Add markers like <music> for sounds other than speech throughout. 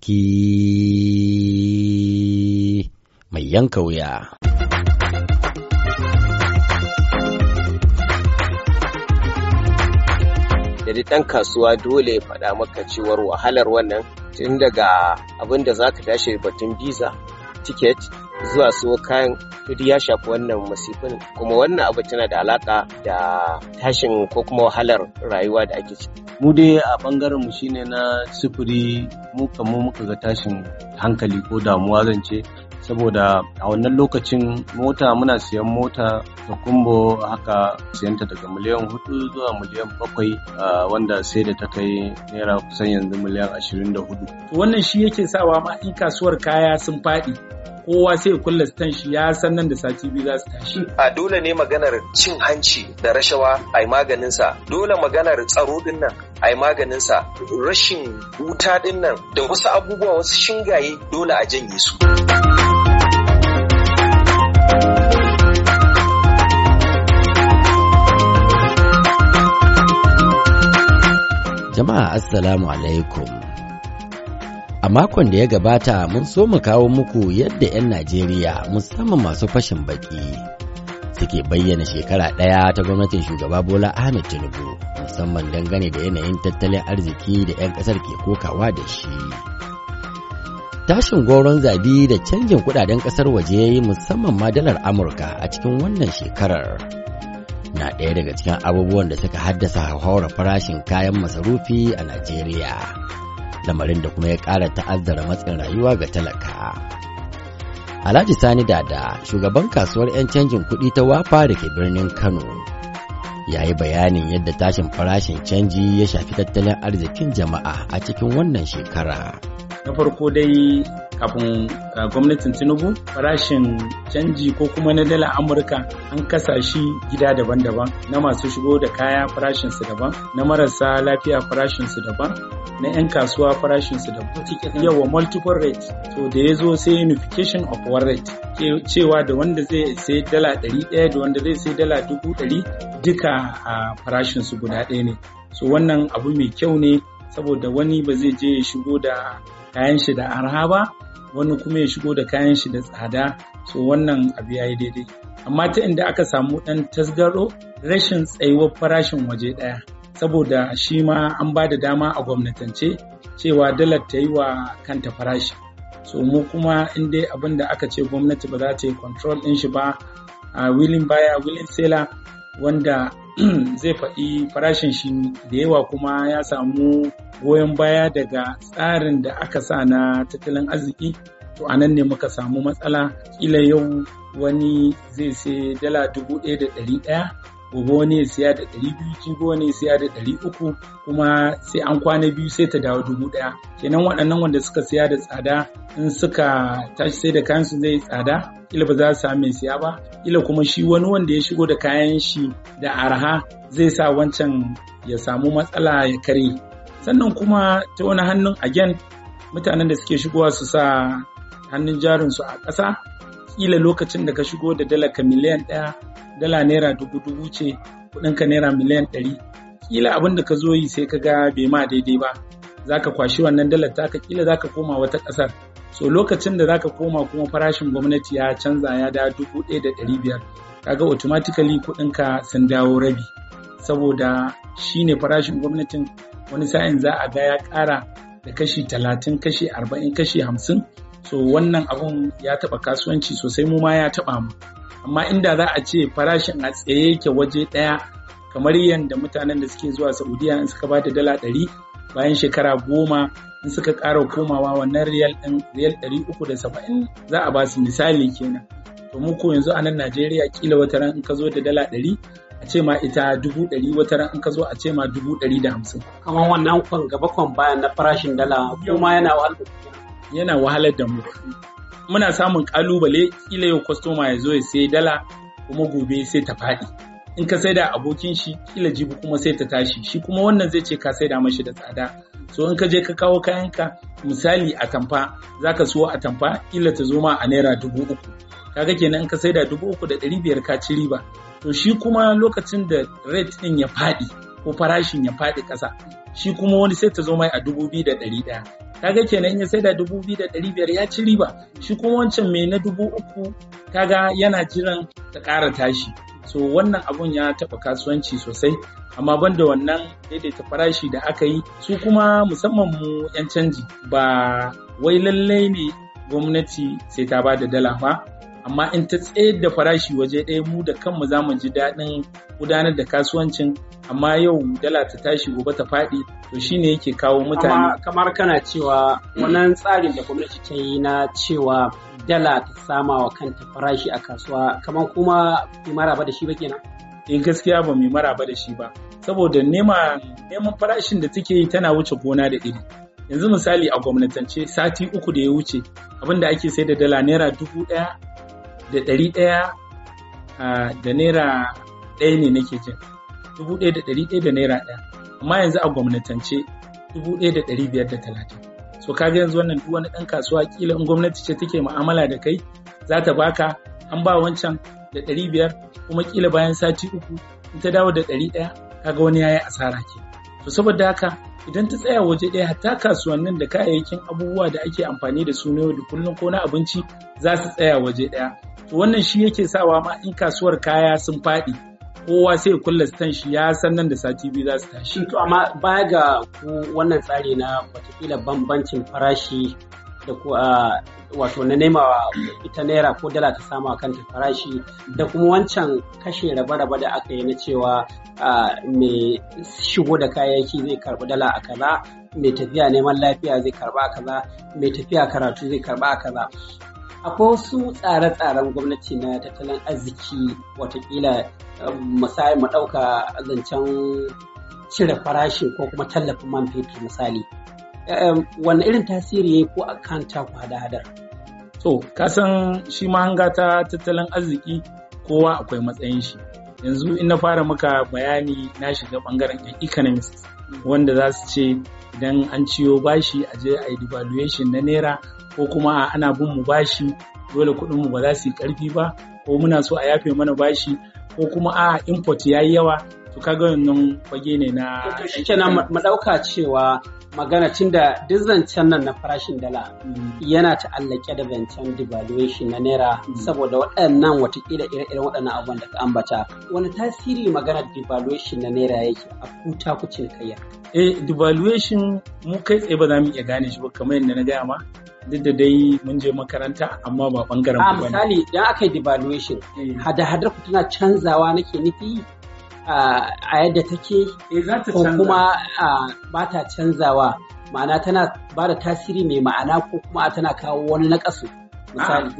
baki mai yanka wuya. da ɗan kasuwa dole ya faɗa maka cewar wahalar wannan tun daga abin da ka tashi batun biza ticket zuwa siyo kayan duk ya shafi wannan masifin kuma wannan abu tana da alaka da tashin ko kuma wahalar rayuwa da ake ciki. Mu dai a bangaren mu shine na sufuri mu kamar muka ga tashin hankali ko damuwa zance saboda a wannan lokacin mota muna siyan mota da kumbo haka siyanta daga miliyan hudu zuwa miliyan bakwai wanda sai da ta kai naira kusan yanzu miliyan ashirin da hudu. Wannan shi yake sawa ma in kasuwar kaya sun faɗi kowa sai kulla stan shi ya san nan da sati biyu za su tashi. A dole ne maganar cin hanci da rashawa a yi sa, dole maganar tsaro din nan a yi maganinsa, rashin wuta din nan da wasu abubuwa wasu shingaye dole a janye su. Jama'a Assalamu alaikum. A makon da ya gabata mun so mu kawo muku yadda 'yan Najeriya musamman masu fashin baki suke bayyana shekara ɗaya ta gwamnatin shugaba Bola Ahmed Tinubu musamman dangane da yanayin tattalin arziki da 'yan ƙasar ke kokawa da shi. Tashin goron zabi da canjin kudaden ƙasar waje musamman ma dalar Amurka a cikin wannan shekarar. na ɗaya daga cikin abubuwan da suka haddasa hauhawar farashin kayan masarufi a Najeriya, lamarin da kuma ya ƙara ta'azzara matsin rayuwa ga talaka. Alhaji Sani Dada, shugaban kasuwar 'yan canjin kuɗi ta Wafa da ke birnin Kano, ya yi bayanin yadda tashin farashin canji ya shafi tattalin arzikin jama'a a cikin wannan shekara. Na farko dai kafin eh, gwamnatin tinubu farashin canji ko kuma na dala amurka an kasa shi gida daban-daban na masu shigo da kaya farashinsu daban na marasa lafiya farashinsu daban na 'yan kasuwa farashinsu daban yawa multiple rate to da ya zo sai unification of one rate cewa da wanda zai sai dala 100 da wanda zai sai dala 100 duka a farashinsu guda ɗaya ne so wannan abu mai kyau ne saboda wani ba zai je ya shigo da kayan shi da arha ba wani kuma ya shigo da kayan shi da tsada so wannan abu ya yi daidai amma ta inda aka samu ɗan tasgaro rashin tsayuwar farashin waje ɗaya saboda shi ma an ba da dama a gwamnatance cewa dalar ta yi wa kanta farashi so mu kuma in dai abin da aka ce gwamnati ba za ta yi control ɗin shi ba a willing buyer willing seller wanda <clears throat> zai faɗi farashin shi da yawa kuma ya samu goyon baya daga tsarin da aka sa na tattalin arziki to a nan ne muka samu matsala ƙila yau wani zai sai dala dubu ɗaya da ɗari ɗaya gobe wani ya siya da ɗari biyu jibi wani ya siya da ɗari uku kuma sai an kwana biyu sai ta dawo dubu ɗaya kenan waɗannan wanda suka siya da tsada in suka tashi sai da kayansu zai tsada ila ba za su sami mai siya ba Ila kuma shi wani wanda ya shigo da kayan shi da arha zai sa wancan ya samu matsala ya kare sannan kuma ta wani hannun again mutanen da suke shigowa su sa hannun jarin su a ƙasa kila lokacin da ka shigo da dala miliyan ɗaya dala naira dubu dubu ce kuɗinka naira miliyan ɗari kila abin da ka zo yi sai ka ga bai ma daidai ba za ka kwashi wannan dalar taka kila za ka koma wata ƙasar so lokacin da za ka koma kuma farashin gwamnati ya canza ya da dubu ɗaya da ɗari biyar kaga automatically kuɗinka sun dawo rabi saboda shine farashin gwamnatin wani sa'in za a ga ya ƙara da kashi talatin kashi arba'in kashi hamsin so wannan abun ya taba kasuwanci sosai mu ma ya taba mu amma inda za a ce farashin a tsaye yake waje ɗaya kamar yadda mutanen da suke zuwa saudiya in suka bada dala ɗari bayan shekara goma in suka ƙara komawa wannan riyal ɗin riyal ɗari uku da saba'in za a ba misali kenan to mu ko yanzu a nan najeriya kila wata ran in ka zo da dala ɗari a ce ma ita dubu ɗari wata ran in ka zo a ce ma dubu ɗari da hamsin. kamar wannan kwan gaba kwan bayan na farashin dala kuma yana wa yana wahalar da mu muna samun kalubale kila yau kwastoma ya zo ya sai dala kuma gobe sai ta faɗi in ka saida abokin shi kila jibi kuma sai ta tashi shi kuma wannan zai ce ka saida mashi da tsada so in ka je ka kawo kayanka misali a tamfa za ka suwa a tamfa kila ta zo ma a naira dubu uku kaga kenan in ka saida dubu uku da ɗari biyar ka ci riba to shi kuma lokacin da rate ɗin ya faɗi ko farashin ya faɗi ƙasa shi kuma wani sai ta zo mai a dubu biyu da ɗari ɗaya kaga kenan in ya sai da dubu biyu da ɗari biyar ya ci riba shi kuma wancan mai na dubu uku kaga yana jiran ta ƙara tashi so wannan abun ya taɓa kasuwanci sosai amma ban da wannan daidaita farashi da aka yi su kuma musamman mu 'yan canji ba wai lallai ne gwamnati sai ta ba da dala ba amma in ta tsayar da farashi waje ɗaya mu da kanmu za mu ji daɗin gudanar da kasuwancin amma yau dala ta tashi gobe ta faɗi to shine yake kawo mutane kamar kana cewa wannan tsarin da gwamnati ta yi na cewa dala ta sama wa kanta farashi a kasuwa kamar kuma bai maraba da shi ba kenan eh gaskiya ba mai maraba da shi ba saboda neman farashin da take yi tana wuce gona da iri yanzu misali a gwamnatance sati uku da ya wuce abinda ake sai da dala naira dubu ɗaya da ɗari ɗaya da naira ɗaya ne nake jin dubu ɗaya da ɗari ɗaya da naira ɗaya amma yanzu a gwamnatance dubu ɗaya da ɗari biyar da talatin so kaga yanzu wannan duk wani ɗan kasuwa kila in gwamnati ce take mu'amala da kai za ta baka an ba wancan da ɗari biyar kuma kila bayan sati uku in ta dawo da ɗari ɗaya kaga wani yayi asara ke to saboda haka idan ta tsaya waje ɗaya hatta kasuwannin da kayayyakin abubuwa da ake amfani da su na yau da kullum ko na abinci za su tsaya waje ɗaya to wannan shi yake sawa ma in kasuwar kaya sun faɗi kowa sai kulla stan shi ya san nan da sati biyu za su tashi to amma baya ga wannan tsari na watakila bambancin farashi da kuwa wato na nema ita naira ko dala ta samu a kanta farashi da kuma wancan kashe raba-raba da aka yi na cewa mai shigo da kayayyaki zai karbi dala a kaza mai tafiya neman lafiya zai karba a kaza mai tafiya karatu zai karba a kaza akwai wasu tsare-tsaren gwamnati na tattalin arziki watakila um, misali mu ɗauka zancen cire farashi ko kuma tallafin man fetur misali um, wani irin tasiri ya yi ko a kan taku hada-hadar so kasan shi mahanga ta tattalin arziki kowa akwai matsayin shi yanzu in na fara maka bayani na shiga bangaren economists wanda za su ce idan an ciyo bashi a je a yi devaluation na naira ko kuma ana bin mu bashi dole kuɗin mu ba za su yi ƙarfi ba ko muna so a yafe mana bashi ko kuma a import ya yi yawa to kaga wannan fage ne na shikenan na cewa magana cin da duk zancen nan na farashin dala mm. yana ta ta'allake da zancen devaluation na naira mm. saboda waɗannan watakila ire-iren waɗannan abubuwan da ka ambata wani tasiri magana devaluation na naira yake a kuta kucin kayya eh devaluation mu kai tsaye ba za mu iya gane shi ba kamar yadda na gaya ma duk da dai mun je makaranta amma ba bangaren ba misali idan aka yi devaluation eh. hada-hadar ku tana canzawa nake nufi a yadda take eh, ko kuma ba ta canzawa ma'ana tana ba da tasiri mai ma'ana ko kuma tana kawo wani nakasu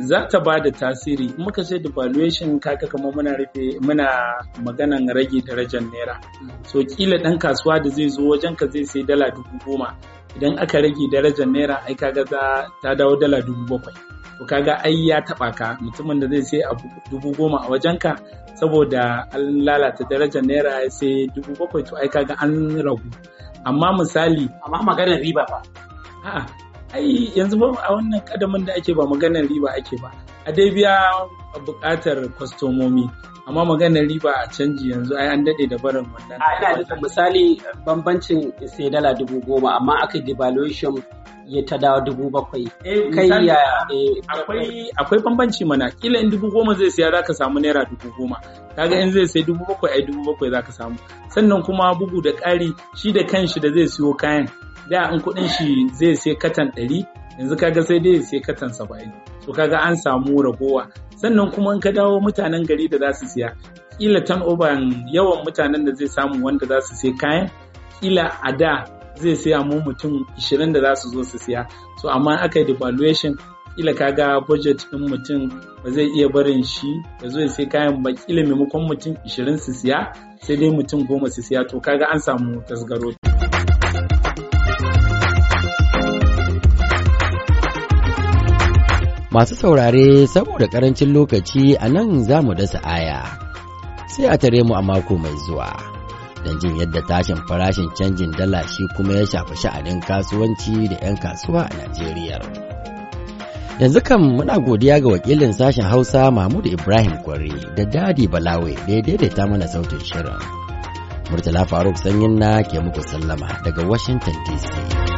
za ta ba da tasiri muka ce devaluation kaka kama muna rufe muna maganan rage darajar naira mm. so kila dan kasuwa da zai zo wajen ka zai sai dala dubu goma idan aka rage darajar naira ai kaga za ta dawo dala dubu bakwai to kaga ai ya taba ka mutumin da zai sai abu dubu goma a wajenka saboda an lalata darajar naira sai dubu bakwai to ai kaga an ragu amma misali amma maganar riba ba. a'a ai yanzu ba a wannan kadamin da ake ba maganar riba ake ba a dai biya buƙatar kwastomomi amma maganar riba a canji yanzu ai an daɗe da barin wannan. A ina da misali bambancin sai dala dubu goma amma aka devaluation ya ta dawo dubu bakwai. Eh, Kai ya eh, akwai akwai bambanci mana kila in dubu goma zai siya zaka samu naira dubu goma. Kaga in zai sai dubu bakwai ai dubu bakwai zaka samu. Sannan kuma bugu da ƙari shi da kanshi da zai siyo kayan da in kuɗin shi zai sai katan ɗari yanzu kaga sai dai sai katan saba'in so kaga an samu ragowa sannan kuma in ka dawo mutanen gari da za su siya kila oban yawan mutanen da zai samu wanda za su sai kayan kila a da zai siya mu mutum 20 da za su zo su siya so amma aka yi devaluation kila kaga budget din mutum ba zai iya barin shi ya zo ya sai kayan ba kila maimakon mutum 20 su siya sai dai mutum goma su siya to kaga an samu tasgaro Masu saurare saboda karancin lokaci a nan za mu dasa aya, sai a tare mu a mako mai zuwa. Don jin yadda tashin farashin canjin dala shi kuma ya shafi sha'anin kasuwanci da 'yan kasuwa a Najeriya. Yanzu kan muna godiya ga wakilin sashen Hausa Mahmud Ibrahim Kwari da Dadi Balawe da ya daidaita mana sautin shirin. Murtala Faruk Sanyin na ke muku sallama daga Washington DC.